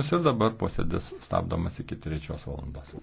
klausimus ir dabar posėdis stabdomas iki trečios valandos